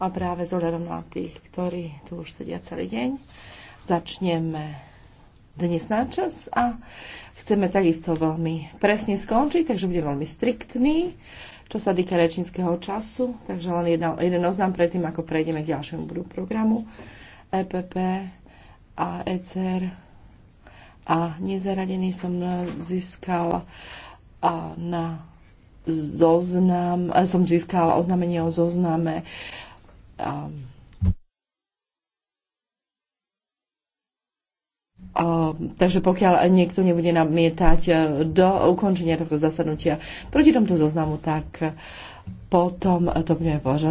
a práve z ohľadom na tých, ktorí tu už sedia celý deň, začneme dnes na čas a chceme takisto veľmi presne skončiť, takže bude veľmi striktný, čo sa týka rečníckého času, takže len jedna, jeden oznam predtým, ako prejdeme k ďalšiemu bodu programu. EPP a ECR a nezaradený som získal a na zoznam, som získala oznámenie o zozname takže pokiaľ niekto nebude namietať e, do ukončenia tohto zasadnutia proti tomto zoznamu, tak potom to budeme považovať